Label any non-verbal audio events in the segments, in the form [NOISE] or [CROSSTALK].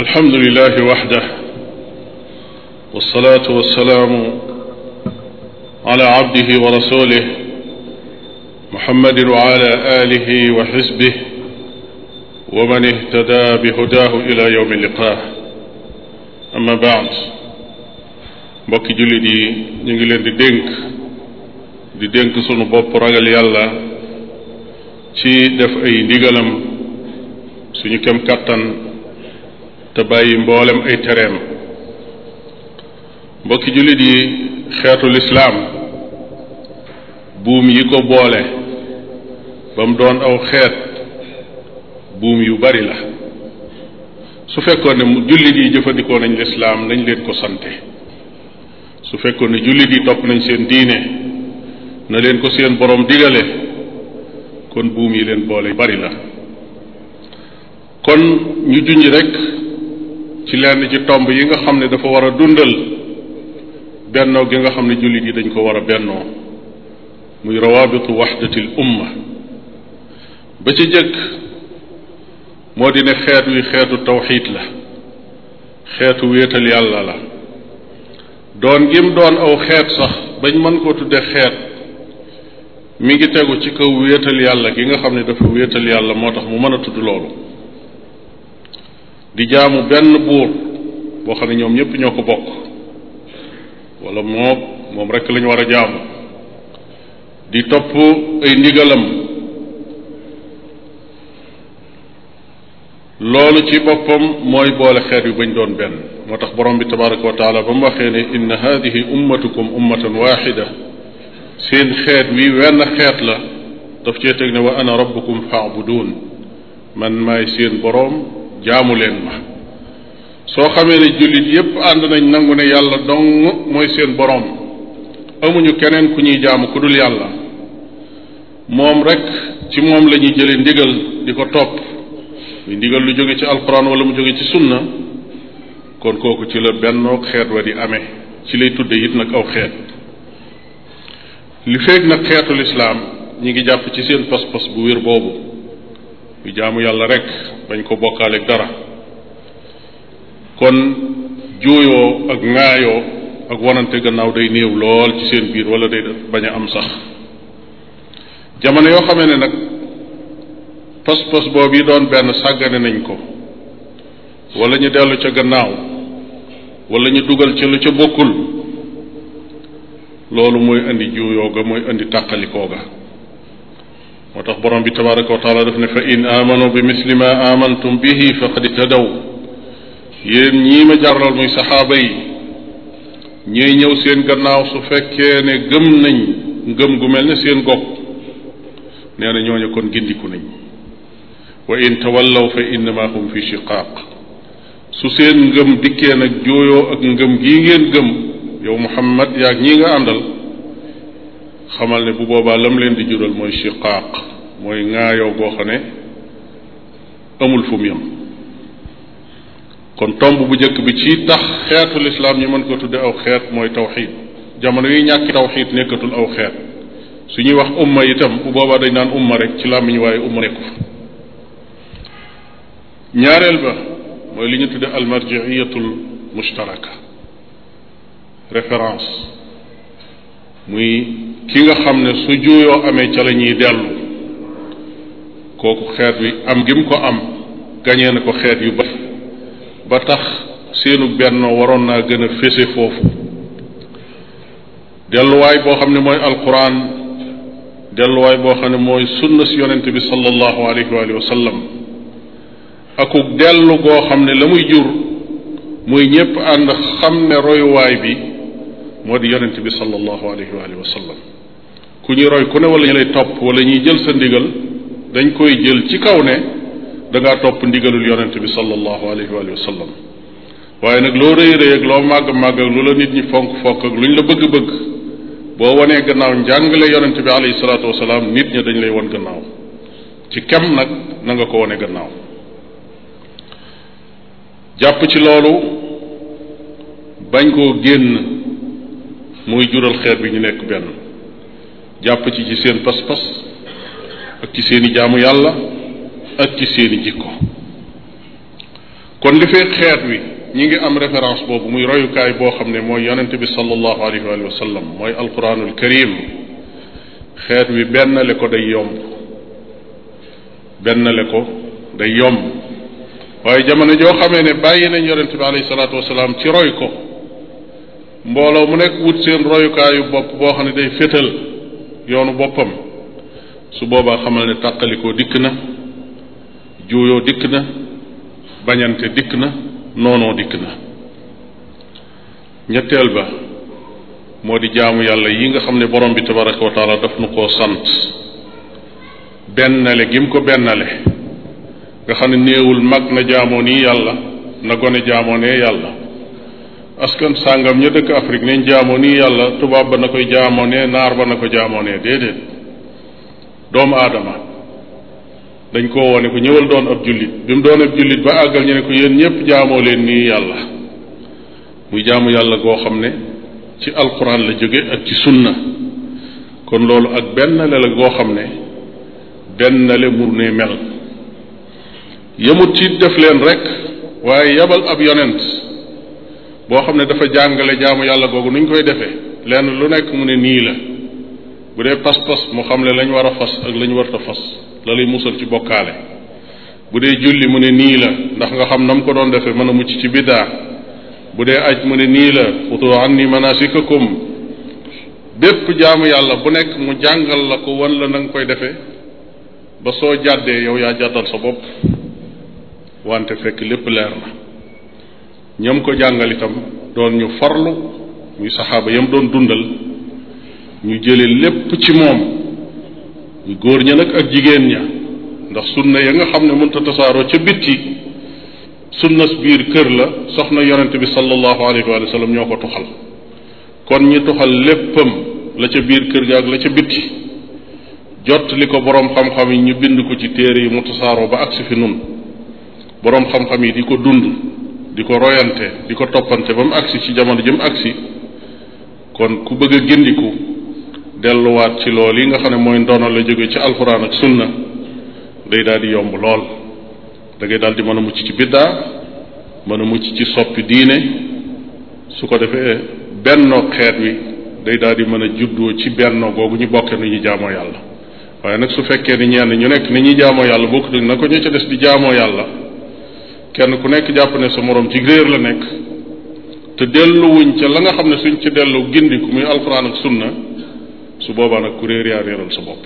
alhamdu lillahi waxda walsalaatu walsalaamu ala abdihi wa rasulih muhammadin wa ala alihi wa xisbih wa man ihtada bi hudaahu ila yowmi liqaa amma baad mbokki jullit yi ñu ngi leen di dénk di dénk sunu bopp ragal yàlla ci def ay ndigalam suñu kem kàttan te bàyyi mboolem ay tereem mbokki jullit yi xeetu lislaam buum yi ko boole ba mu doon aw xeet buum yu bari la su fekkoon ne jullit yi jëfandikoo nañ lislaam nañ leen ko sante su fekkoon ne jullit yi topp nañ seen diine na leen ko seen borom digale kon buum yi leen boole bari la kon ñu junj rek ci lenn ci tomb yi nga xam ne dafa war a dundal bennoo gi nga xam ne jullit yi dañ ko war a bennoo muy rawabitu waxdatil umma ba ci jëkk moo di ne xeet wi xeetu tawxiid la xeetu wéetal yàlla la doon gim doon aw xeet sax bañ mën koo tuddee xeet mi ngi tegu ci kaw wéetal yàlla gi nga xam ne dafa wéetal yàlla moo tax mu mën a tudd loolu di jaamu benn buur boo xam ne ñoom ñëpp ñoo ko bokk walla moom moom rek lañu war a jaamu di topp ay ndigalam loolu ci boppam mooy boole xeet yu bañ doon benn moo tax borom bi tabaraka wa taala ba mu waxee ne inna hadihi ummatukum ummatan waxida seen xeet wi wenn xeet la daf cee teg ne wa ana rabbukum faabuduun man maay seen boroom jaamu leen ma soo xamee ne jullit yépp ànd nañ nangu ne yàlla dong mooy seen boroom amuñu keneen ku ñuy jaamu ku dul yàlla moom rek ci moom lañuy ñuy jëlee ndigal di ko topp muy ndigal lu jóge ci alquran wala mu jóge ci sunna kon kooku ci la benn xeet wa di amee ci lay tudde it nag aw xeet li feeg nag xeetu lislaam ñi ngi jàpp ci seen pas-pas bu wér boobu bu jaamu yàlla rekk bañ ko bokkaaleeg dara kon juuyoo ak ŋaayoo ak wanante gannaaw day néew lool ci seen biir wala day bañ a am sax jamono yoo xamee ne nag pas-pas boobu yi doon benn sàggane nañ ko wala ñu dellu ca gannaaw wala ñu dugal ca lu ca bokkul loolu mooy indi juuyoo ga mooy indi tàqalikoo ga moo tax borom bi tabaraka wa taala daf ne fa in amanu bi misli ma amantum bihi faqad ihtadaw yéen ñii ma jarlal muy saxaaba yi ñiy ñëw seen gannaaw su fekkee ne gëm nañ gëm gu mel ne seen gopp nee na ñooñu kon gindiku nañ wa in tawallaw fa innama hum fi shiqaaq su seen gëm dikkee nag jooyoo ak gëm gii ngeen gëm yow Muhammad yaag ñii nga àndal xamal ne bu boobaa lam leen di jural mooy shiqaaq mooy ŋaayoo goo xam ne amul fu mu kon tomb bu njëkk bi ci tax xeetu lislaam ñu mën ko tudde aw xeet mooy tawxid jamono yi ñàkki tawxid nekkatul aw xeet su ñuy wax umma itam bu boobaa dañ naan umma rek ci làmmiñ waaye umma nekku fa ñaareel ba mooy li ñu tudde almarjiiyatul mushtaraka référence muy ki nga xam ne su juuyoo amee ca la ñuy dellu kooku xeet bi am gi mu ko am gañee na ko xeet yu bari ba tax seenu benn waroon naa gën a fese foofu delluwaay boo xam ne mooy alquran delluwaay boo xam ne mooy sunna si yonent bi sallallahu alayhi wa sallam akuk dellu goo xam ne la muy jur muy ñépp ànd xam ne royuwaay bi moo di yonent bi sallallahu alayhi wa ku ñuy roy ku ne wala ñu lay topp wala ñuy jël sa ndigal dañ koy jël ci kaw ne da ngaa topp ndigalul yonent bi sallallahu alayhi wa sallam waaye nag loo rëy rëy ak loo màgg màgg ak lu la nit ñi fonk fonk ak lu ñu la bëgg-bëgg boo wanee gannaaw njàngale yonent bi alayhi salaatu wasalaam nit ña dañ lay wan gannaaw ci kem nag na nga ko wane gannaaw jàpp ci loolu bañ koo génn muy jural xeet bi ñu nekk benn jàpp ci ci seen pas-pas ak ci seeni jaamu yàlla ak ci seeni jikko kon li fee xeet wi ñi ngi am référence boobu muy royukaay boo xam ne mooy yonente bi sallallahu alayhi mooy sallam mooy alquranul karim xeet wi bennale ko day yomb bennale ko day yomb waaye jamono joo xamee ne bàyyi nañ yonente bi alayhi salaatu wasalaam ci roy ko mbooloo mu nekk wut seen royukaayu bopp boo xam ne day fétal yoonu boppam su boobaa xamal ne tàqalikoo dikk na juuyoo dikk na bañante dikk na noonoo dikk na ñetteel ba moo di jaamu yàlla yi nga xam ne borom bi tabaraka wa taala nu koo sant bennale gi mu ko bennale nga xam ne néewul mag na jaamoo nii yàlla na gone jaamoo nee yàlla askan sàngam ña dëkk Afrique nañ jaamoo nii yàlla tubaab ba na koy jaamoo ne naar ba na ko jaamoo ne déedéet doomu aadama dañ ko wone ko ñëwal doon ab jullit bi mu doon ab jullit ba àggal ñu ne ko yéen ñëpp jaamoo leen nii yàlla muy jaamu yàlla goo xam ne ci alquran la jóge ak ci sunna kon loolu ak benn le la goo xam ne benn le mu ne mel yëmut ci def leen rekk waaye yabal ab yonent boo xam ne dafa jàngale jaamu yàlla googu nuñ koy defee lenn lu nekk mu ne nii la bu dee pas-pas mu xam ne lañ war a fas ak lañ warta fas la lay musal ci bokkaale bu dee julli mu ne nii la ndax nga xam na mu ko doon defee mën a mucc ci biddaa bu dee aj mu ne nii la xutu anni manasikakum bépp jaamu yàlla bu nekk mu jàngal la ko wan la na koy defee ba soo jàddee yow yaa jàddal sa bopp wante fekk lépp leer na ñam ko jàngalitam itam doon ñu farlu muy saxaaba yam doon dundal ñu jële lépp ci moom ñu góor ña nag ak jigéen ña ndax sunna ya nga xam ne mënta tasaaroo ca bitti sunnas biir kër la soxna yonent bi sallallahu alayhi wa sallam ñoo ko toxal kon ñi toxal léppam la ca biir kër ga ak la ca bitti jot li ko boroom xam-xam yi ñu bind ko ci téere yi mu tasaaroo ba agsi fi nun boroom xam-xam yi di ko dund di ko royante di ko toppante ba mu agsi ci jamono ji mu agsi kon ku bëgg a gindiku delluwaat ci lool yi nga xam ne mooy ndono la jóge ci alxuraan ak sunna day daal di yomb lool da ngay daal di mën a mucc ci biddaa mën a mucc ci soppi diine su ko defee bennoo xeet wi day daal di mën a juddoo ci bennoo googu ñu bokke ni ñu jaamoo yàlla waaye nag su fekkee ni ñenn ñu nekk ni ñuy jaamoo yàlla bokkut na ko ñu ca des di jaamoo yàlla kenn ku nekk jàpp ne sa moroom ci réer la nekk te delluwuñ ca la nga xam ne suñ ci dellu gindiku muy alxuraan ak sunna su boobaa nag ku réer yaa réeral sa bopp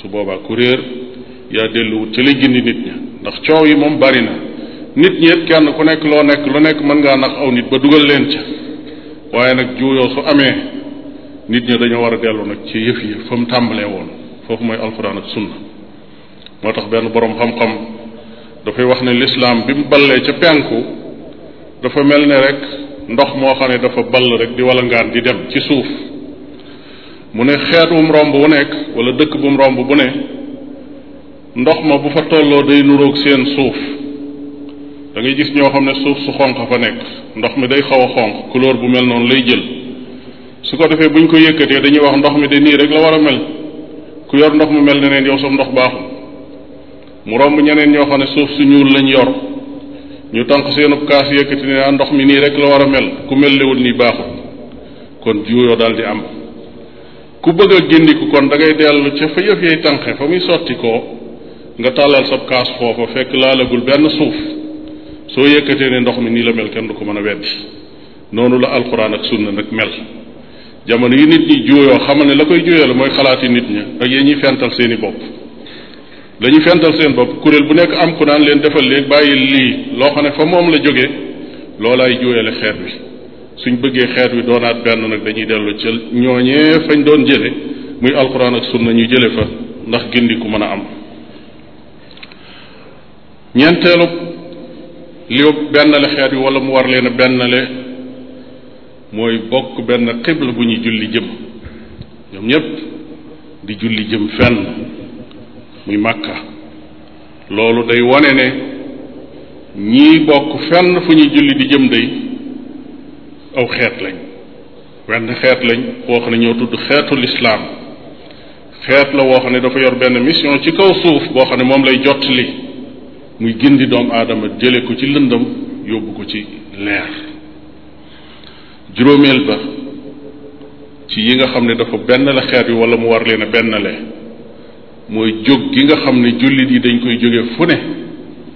su boobaa ku réer yaa delluwut ca lay gindi nit ña ndax coow yi moom bari na nit ñi it kenn ku nekk loo nekk lu nekk mën ngaa nax aw nit ba dugal leen ca waaye nag juuyoo su amee nit ñi dañoo war a dellu nag ci yëf yi fa mu tàmbalee woon foofu mooy alxuraan ak sunna moo tax benn boroom xam dafay wax ne lislaam bi mu ballee ca penku dafa mel ne rek ndox moo xam ne dafa ball rek di walangaan di dem ci suuf mu ne xeet wum romb wu nekk wala dëkk bum romb bu ne ndox ma bu fa tolloo day nuroog seen suuf dangay gis ñoo xam ne suuf su xonq fa nekk ndox mi day xaw a xonq couleur bu mel noonu lay jël su ko defee buñ ko yëkkatee dañuy wax ndox mi de nii rek la war a mel ku yor ndox mu mel ne neen yow sam ndox baaxul mu romb ñeneen ñoo xam ne suuf su ñuul lañ yor ñu tànq seenub kaas yëkkati ne ah, ndox mi nii rek la war a mel ku mel lewul nii baaxul kon juuyoo daal di am ku bëgg a gindiku kon dangay ngay dellu ca fa yëf yay tànqe fa muy sotti koo nga tàllal sab kaas foofa fekk laalagul benn suuf soo yëkkatee ne ndox mi nii la mel kenn du ko mën a weddi noonu la alxuraan ak sunna nag mel jamono yi nit ñi juuyoo xamal ne la koy juuyoo la mooy xalaati nit ñi ak yee fental seeni bopp dañuy fental seen bopp kuréel bu nekk am ku naan leen defal léegi bàyyil lii loo xam ne fa moom la jógee loolaay juuyale xeet wi suñ bëggee xeet wi doonaat benn nag dañuy dellu ci ñooñee fañ doon jële muy alquran ak sunna ñu jële fa ndax gindi ku mën a am ñeenteelu li bennale xeet wi wala mu war leen a bennale mooy bokk benn xibla bu ñuy julli jëm ñoom ñépp di julli jëm fenn muy Makka loolu day wone ne ñii bokk fenn fu ñuy julli di jëm day aw xeet lañ wenn xeet lañ woo xam ne ñoo tudd xeetu lislaam xeet la woo xam ne dafa yor benn mission ci kaw suuf boo xam ne moom lay jottali muy gindi doomu aadama jële ko ci lëndam yóbbu ko ci leer juróomeel ba ci yi nga xam ne dafa benn la xeet wi wala mu war leen a bennale mooy jóg gi nga xam ne jullit yi dañ koy jóge fu ne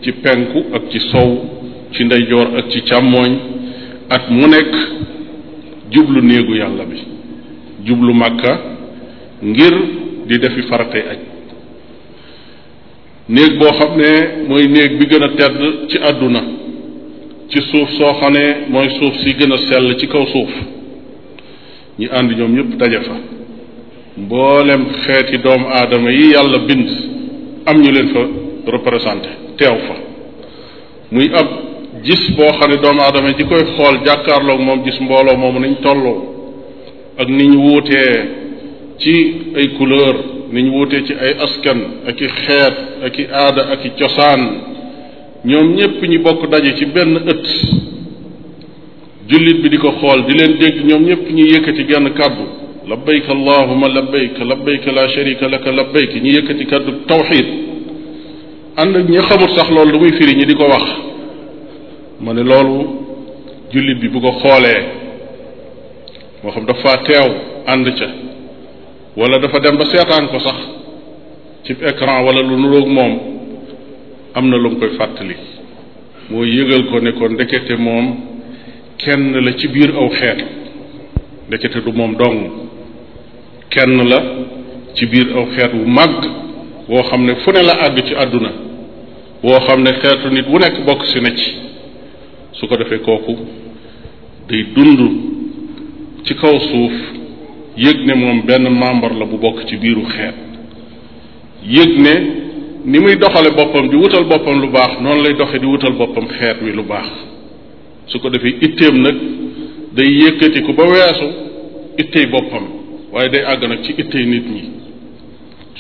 ci penku ak ci soow ci ndeyjoor ak ci càmmooñ at mu nekk jublu néegu yàlla bi jublu màkka ngir di defi faratay aj néeg boo xam ne mooy néeg bi gën a tedd ci àdduna ci suuf soo xam ne mooy suuf si gën a sell ci kaw suuf ñi ànd ñoom ñëpp daje fa mboolem xeeti doomu aadama yi yàlla bind am ñu leen fa représenté teew fa muy ab gis boo xam ne doomu aadama ji koy xool jàkkaarlook moom gis mbooloo moomu nañ tolloo ak ni ñu wuutee ci ay couleur ni ñu wuutee ci ay askan ak i xeet ak i aada ak i cosaan ñoom ñépp ñu bokk daje ci benn ëtt jullit bi di ko xool di leen dégg ñoom ñépp ñu yëkkati genn kàddu labbayka allahuma labbayka labbayka la sharika laka labbayk ñi yëkkati kaddu tawxid ànd ak ñi xamul sax loolu lu muy firi ñi di ko wax ma ne loolu jullit bi bu ko xoolee moo xam dafa teew ànd ca wala dafa dem ba seetaan ko sax ci ecran wala lu nuroog moom am na lu mu koy fàttali moo yëgal ko ne ko ndekete moom kenn la ci biir aw xeet ndekete du moom dong kenn la ci biir aw xeet wu màgg woo xam ne fu ne la àgg ci àdduna woo xam ne xeetu nit wu nekk bokk si na ci su ko defee kooku day dund ci kaw suuf yëg ne moom benn membre la bu bokk ci biiru xeet yëg ne ni muy doxale boppam di wutal boppam lu baax noonu lay doxe di wutal boppam xeet mi lu baax su ko defee itteem nag day yëkkati ko ba weesu ittey boppam waaye day àgg nag ci ittey nit ñi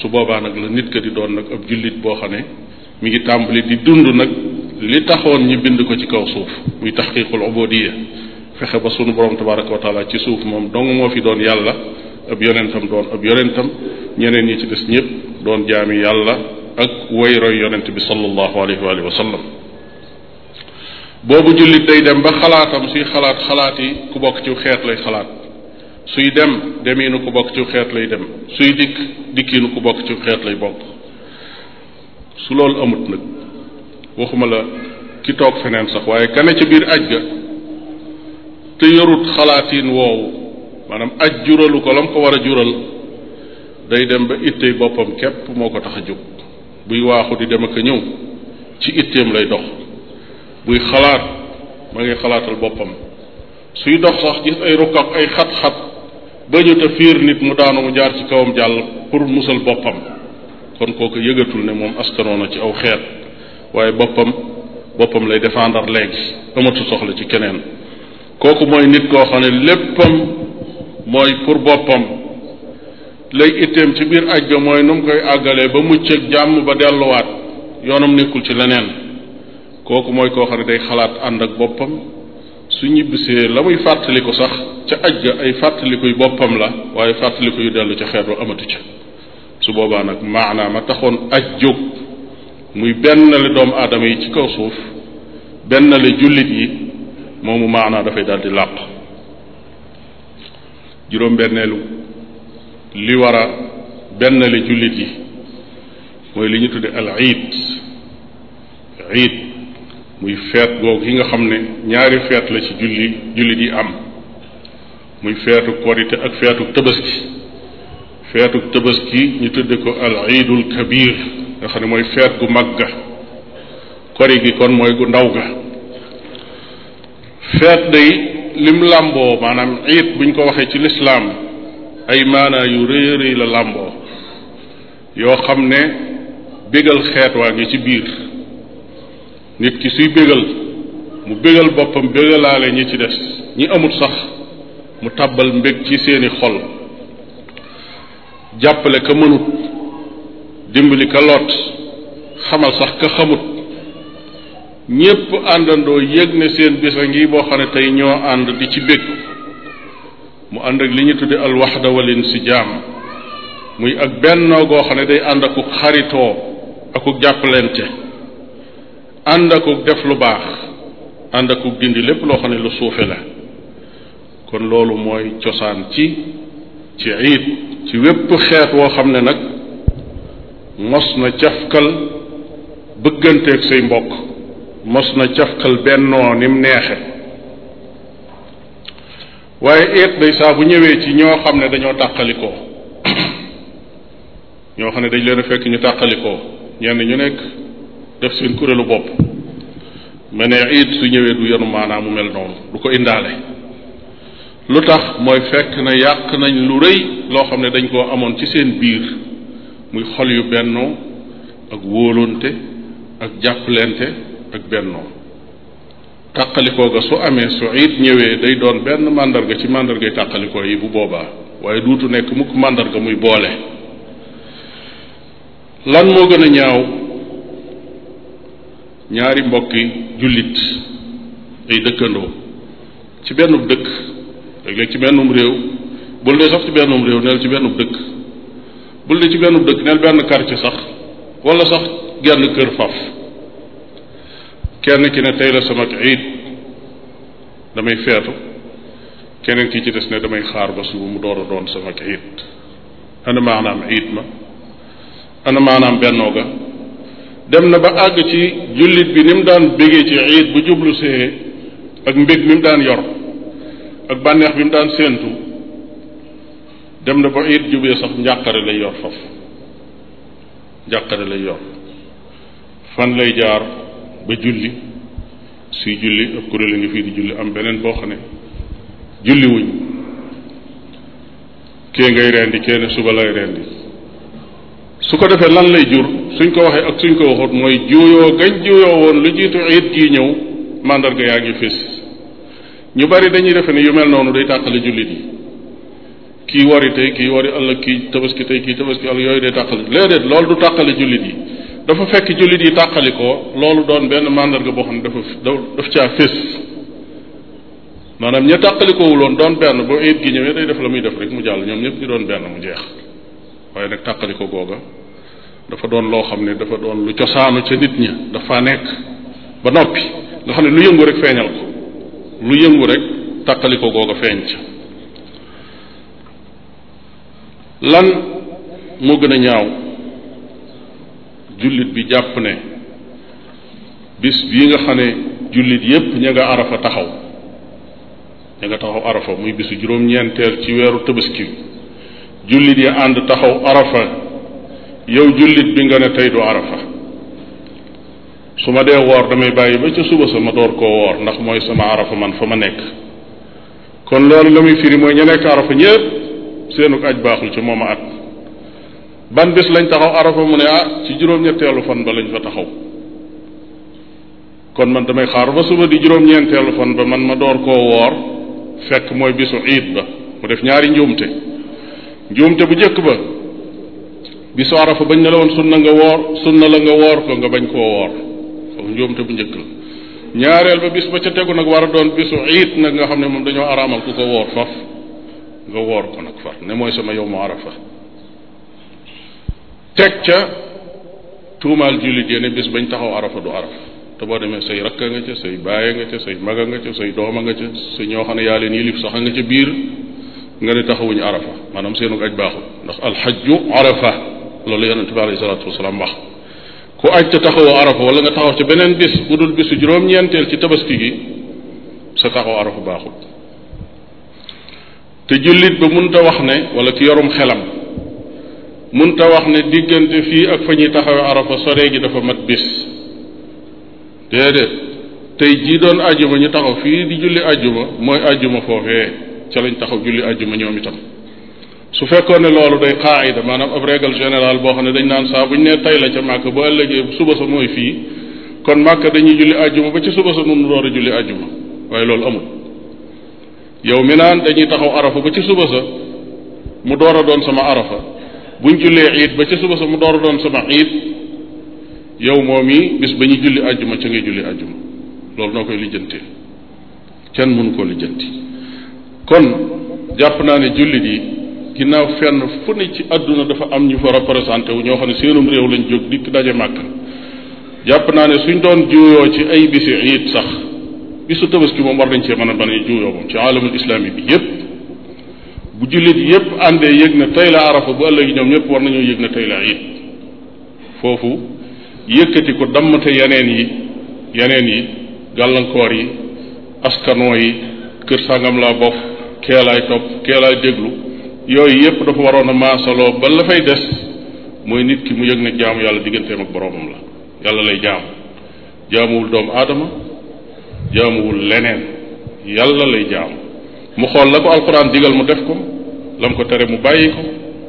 su boobaa nag la nit ka di doon nag ab jullit boo xam ne mi ngi tàmbali di dund nag li taxoon ñu bind ko ci kaw suuf muy taxqiqul ubudiyya fexe ba sunu borom tabaraka wa taala ci suuf moom dong moo fi doon yàlla ab yonentam doon ab yonentam ñeneen ñi ci des ñëpp doon jaami yàlla ak wayroy yonent bi sallallahu alayhi wa sallam day dem ba xalaatam suy xalaat xalaat yi ku bokk ci xeet lay xalaat suy dem demiinu ko bokk ci xeet lay dem suy dikk dikkiinu ko bokk ci xeet lay bokk su loolu amut nag waxuma la ki toog feneen sax waaye kane ca biir aj ga te yorut xalaatiin woowu maanaam aj juralu ko lam ko war a jural day dem ba ittey boppam képp moo ko tax a jóg buy waaxu di dem ak a ñëw ci itteem lay dox buy xalaat ma ngi xalaatal boppam suy dox sax gis ay rukk ak ay xat-xat bañu te fiir nit mu daanu mu jaar ci kawam jàll pour musal boppam kon kooku yëgatul ne moom askanoo na ci aw xeet waaye boppam boppam lay défendre léegi amatu soxla ci keneen kooku mooy nit koo xam ne léppam mooy pour boppam lay itteem ci biir aj ga mooy nu koy àggalee ba mucc ak jàmm ba delluwaat yoonam nekkul ci leneen kooku mooy koo xam ne day xalaat ànd ak boppam su ñibbisee la muy fàttaliku sax ca aj ga ay fàttalikuy boppam la waaye fàttaliku yu dellu ca xeetu wa amatu ca su boobaa nag maanaam ma taxoon aj jóg muy benn la doomu aadama yi ci kaw suuf benn la jullit yi moomu maanaa dafay daal di làq juróom-benneelu li wara a benn la jullit yi mooy li ñu tudde al iid iid muy feet googu yi nga xam ne ñaari feet la ci julli jullit yi am muy feetu korite ak feetu tabaski feetu gi ñu tëdd ko al iidul kabir nga xam ne mooy feet gu mag ga kori gi kon mooy gu ndaw ga feet day lim làmboo maanaam iid buñ ko waxee ci lislaam ay maanaa yu rëy la làmboo yoo xam ne bégal xeet waa ngi ci biir nit ki suy bégal mu bégal boppam bégalaale ñi ci des ñi amut sax mu tàbbal mbég ci seeni xol jàppale ka mënut dimbali ka lot xamal sax ka xamut ñépp àndandoo yëg ne seen bis a ngi boo xam ne tey ñoo ànd di ci bég mu ànd ak li ñu tudde alwaxda wal insijaam muy ak bennoo goo xam ne day ànd akuk xaritoo akuk jàppalente ànd def lu baax ànd akuk dindi lépp loo xam ne lu suufe la kon loolu mooy cosaan ci ci iid ci wépp xeet woo xam ne nag mos na cafkal bëgganteeg say mbokk mos na cafkal bennoo ni mu neexe waaye iid day saa bu ñëwee ci ñoo xam ne dañoo tàqalikoo [COUGHS] ñoo xam ne dañ leen fekk ñu tàqalikoo ñenn ñu nekk def seen kuréelu bopp ma ne iid su ñëwee du yenu maanaam mu mel noonu du ko indaale lu tax mooy fekk na yàq nañ lu rëy loo xam ne dañ koo amoon ci seen biir muy xol yu bennoo ak wóolonte ak jàppalente ak bennoo tàqalikoo ga su amee su iid ñëwee day doon benn màndarga ci màndargay tàqalikoo yi bu boobaa waaye duutu nekk mukk màndarga muy boole lan moo gën a ñaaw ñaari mbokki jullit ay dëkkandoo ci bennub dëkk léeg-léeg ci bu réew bul dee sax ci bennum réew neel ci bennub dëkk bul dee ci bennub dëkk neel benn quartier sax walla sax genn kër faf kenn ki ne tey la sama iid damay feetu keneen ki ci des ne damay xaar ba suba mu door a doon sama iid ana maanaam iid ma ana maanaam dem na ba àgg ci jullit bi ni mu daan bégee ci iid bu jublu see ak mbég mi mu daan yor ak bànneex bi mu daan séentu dem na ba iid jubee njàqare lay yor foofu njàqare lay fan lay jaar ba julli suy julli kuréel a ngi fii di julli am beneen boo xam ne julli kee ngay rendi kee ne suba lay rendi su ko defee lan lay jur suñ ko waxee ak suñ ko waxut mooy juuyoo gañ juuyoo woon lu jiitu it gii ñëw màndarga yaa ngi fés ñu bari dañuy defe ni yu mel noonu day tàqale jullit yi kii wari tey kii wari ëllëg kii ki tey kii tabaski ëllëg yooyu day tàqale léeg-léeg loolu tàqale jullit yi dafa fekk jullit yi tàqali ko loolu doon benn màndarga boo xam ne dafa daf caa fés maanaam ña tàqalikowuloon doon benn ba it gi ñëwee day def la muy def rek mu jàll ñoom ñëpp di doon benn mu jeex waaye nag ko googa dafa doon loo xam ne dafa doon lu cosaanu ca nit ña dafa nekk ba noppi nga xam ne lu yëngu rek feeñal ko lu yëngu rek tàqaliko googa feeñ ca lan moo gën a ñaaw jullit bi jàpp ne bis bii nga xam ne jullit yépp ña nga arafa taxaw ña nga taxaw arafa muy bisu juróom-ñeenteel ci weeru tabaski jullit yi ànd taxaw arafa yow jullit bi nga ne tey du arafa su ma dee woor damay bàyyi ba ca suba sa ma door koo woor ndax mooy sama arafa man fa ma nekk kon loolu la muy firi mooy ña nekk arafa ñépp seenuk aj baaxul ci moom a at ban bis lañ taxaw arafa mu ne ah ci juróom-ñetteelu fan ba lañ fa taxaw kon man damay xaar ba suba di juróom-ñeenteelu fan ba man ma door koo woor fekk mooy bisu iid ba mu def ñaari njuumte njuumte bu njëkk ba bisu arafa bañ ne la woon na nga woor sun na la nga woor ko nga bañ koo woor foofu njuumte bu njëkk la ñaareel ba bis ba ca tegu nag war a doon bisu iit nag nga xam ne moom dañoo araamal ku ko woor faf nga woor ko nag far ne mooy sama yow mu arafa teg ca tuumaal jullit yéene bis bañ taxaw arafa du arafa te boo demee say rakka nga ca say baaye nga ca say maga nga ca say dooma nga ca sa ñoo xam ne yaa leen yilif sax nga ca biir nga ne taxawuñu arafa maanaam seenu aj baaxul ndax alxajju arafa loolu yonente bi alayhi salaatu wasalaam wax ku aj te taxawoo arafa wala nga taxaw ci beneen bis bu dul bisu juróom-ñeenteel ci tabaski gi sa taxaw arafa baaxul te jullit ba munta wax ne wala ci yorum xelam munta wax ne diggante fii ak fa ñuy taxawee arafa sore gi dafa mat bis déedéet tey jii doon ajjuma ñu taxaw fii di julli ajjuma mooy ajjuma foofee ca lañ taxaw julli àjjuma ñoom itam su fekkoon ne loolu day qaayida maanaam ab régal général boo xam ne dañ naan saa bu ñu nee tay la ca màkk bu ëllëgee suba sa mooy fii kon màkk dañuy julli àjjuma ba ci suba sa nun door a julli àjjuma waaye loolu amul yow mi naan dañuy taxaw arafa ba ci suba sa mu door a doon sama arafa buñ jullee iid ba ci suba sa mu door a doon sama iid yow moom yi bis ba ñuy julli àjjuma ca ngay julli àjjuma loolu noo koy lijjantee kenn mënu koo lijjanti kon jàpp naa ne jullit yi ginnaaw fenn fu ne ci àdduna dafa am ñu fa représenté wu ñoo xam ne seenum réew lañu jóg dikk daje màkk jàpp naa ne suñ doon juuyoo ci ay bisi iit sax bisu tabaski moom war nañ cee mën a bañ a juuyoo moom ci aalamul islaami bi yépp bu jullit yépp àndee yëg na tey la arafa bu ëllëgi ñoom ñëpp war nañoo yëg na tey la iit foofu yëkkati ko dammate yeneen yi yeneen yi gàllankoor yi askanoo yi kër sàngam laa bof kee laay topp kee déglu yooyu yépp dafa waroon a maasaloo ba la fay des mooy nit ki mu yëg ne jaamu yàlla digganteem ak boroomam la yàlla lay jaamu jaamuwul doomu aadama jaamuwul leneen yàlla lay jaamu mu xool la ko alxuraan digal mu def ko la mu ko tere mu bàyyi ko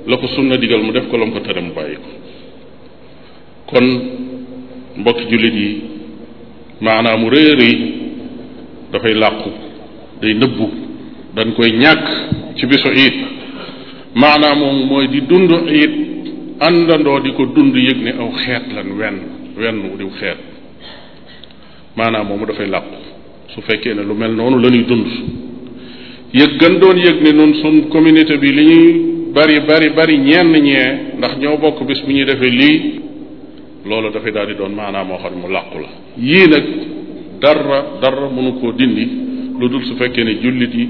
la ko sunna digal mu def ko la mu ko tere mu bàyyi ko kon mbokki jullit yi maanaam mu réer yi dafay làqu day nëbbu dañ koy ñàkk ci bisu iid maanaa moom mooy di dund iid àndandoo di ko dund yëg ne aw xeet lan wenn wenn wu diw xeet maanaam moomu dafay làqu su fekkee ne lu mel noonu la dund yëg gën doon yëg ne nun suñ communité bi li ñuy bari bari bari ñenn ñee ndax ñoo bokk bis bu ñuy defee lii loolu dafay daal di doon maanaam moo xam ne mu làqu la yii nag dara dara mënu koo dindi lu dul su fekkee ne jullit yi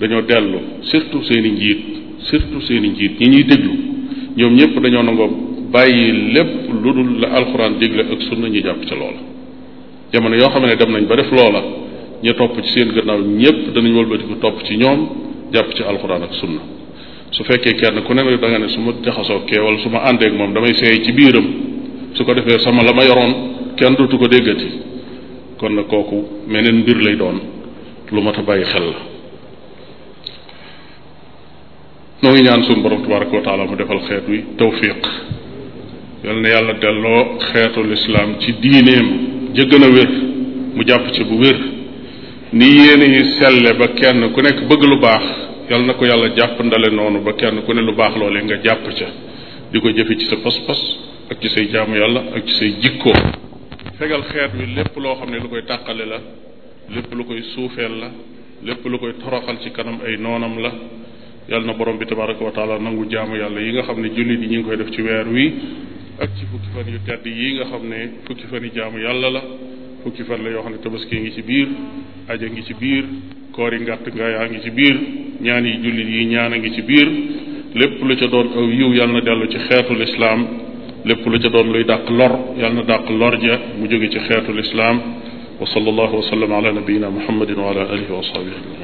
dañoo dellu surtout seen i njiit surtout seen i njiit ñi ñuy déglu ñoom ñëpp dañoo nangoo bàyyi lépp lu dul la alxuraan digle ak sunna ñu jàpp ca loola. jamono yoo xam ne dem nañ ba def loola ñu topp ci seen gannaaw ñëpp danañ wëlbatiku topp ci ñoom jàpp ci alxuraan ak sunna su fekkee kenn ku ne nag da nga ne su ma jaxasoo kee wala su ma àndeeg moom damay seey ci biiram su ko defee sama la ma yoroon kenn dootu ko déggati kon nag kooku meneen mbir lay doon lu mat bàyyi xel noo ngi ñaan suñu borom tabaraka wa taala mu defal xeet wi tawfiq yal na yàlla delloo xeetu lislaam ci diineem ja gën a wér mu jàpp ci bu wér ni yéene yi selle ba kenn ku nekk bëgg lu baax yal na ko yàlla jàpp ndale noonu ba kenn ku ne lu baax loolee nga jàpp ca di ko jëfe ci sa pas-pas ak ci say jaamu yàlla ak ci say jikkoo fegal xeet wi lépp loo xam ne lu koy tàqale la lépp lu koy suufeel la lépp lu koy toroxal ci kanam ay noonam la yàlla na borom bi tabaraka wa taala nangu jaamu yàlla yi nga xam ne jullit yi ñu ngi koy def ci weer wi ak ci fukki fan yu nga xam ne fukki fan yi jaamu yàlla la fukki fan la yoo xam ne tabaski ngi ci biir aja ngi ci biir koor yi ngàtt yaa ngi ci biir ñaan yi jullit yi ñaan a ngi ci biir lépp lu ca doon aw yiw na dellu ci xeetu lislaam lépp lu ca doon luy dàq lor yal na dàq lor ja mu jóge ci xeetu lislaam wa sallallahu wa na ala nabiyina muhammadin wa ala alihi wa sahbihi